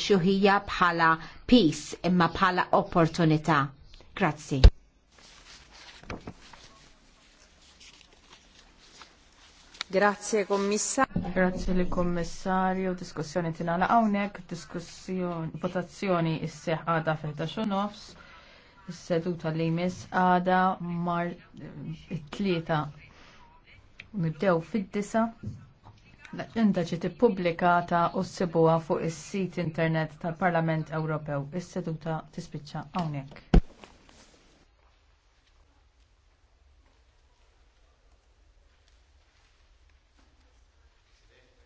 xuħija bħala peace imma bħala opportunità. Grazzi. Grazie commissario. Grazie li commissario, Diskussjoni tinala għawnek. Diskussjoni, votazzjoni isseħ għada fil-11 nofs. Is-seduta li jmiss għada mar eh, it-tlieta. Nibdew fid-disa l ġiet ippubblikata u ssibuha fuq is-sit internet tal-Parlament Ewropew. Is-seduta tispiċċa hawnhekk.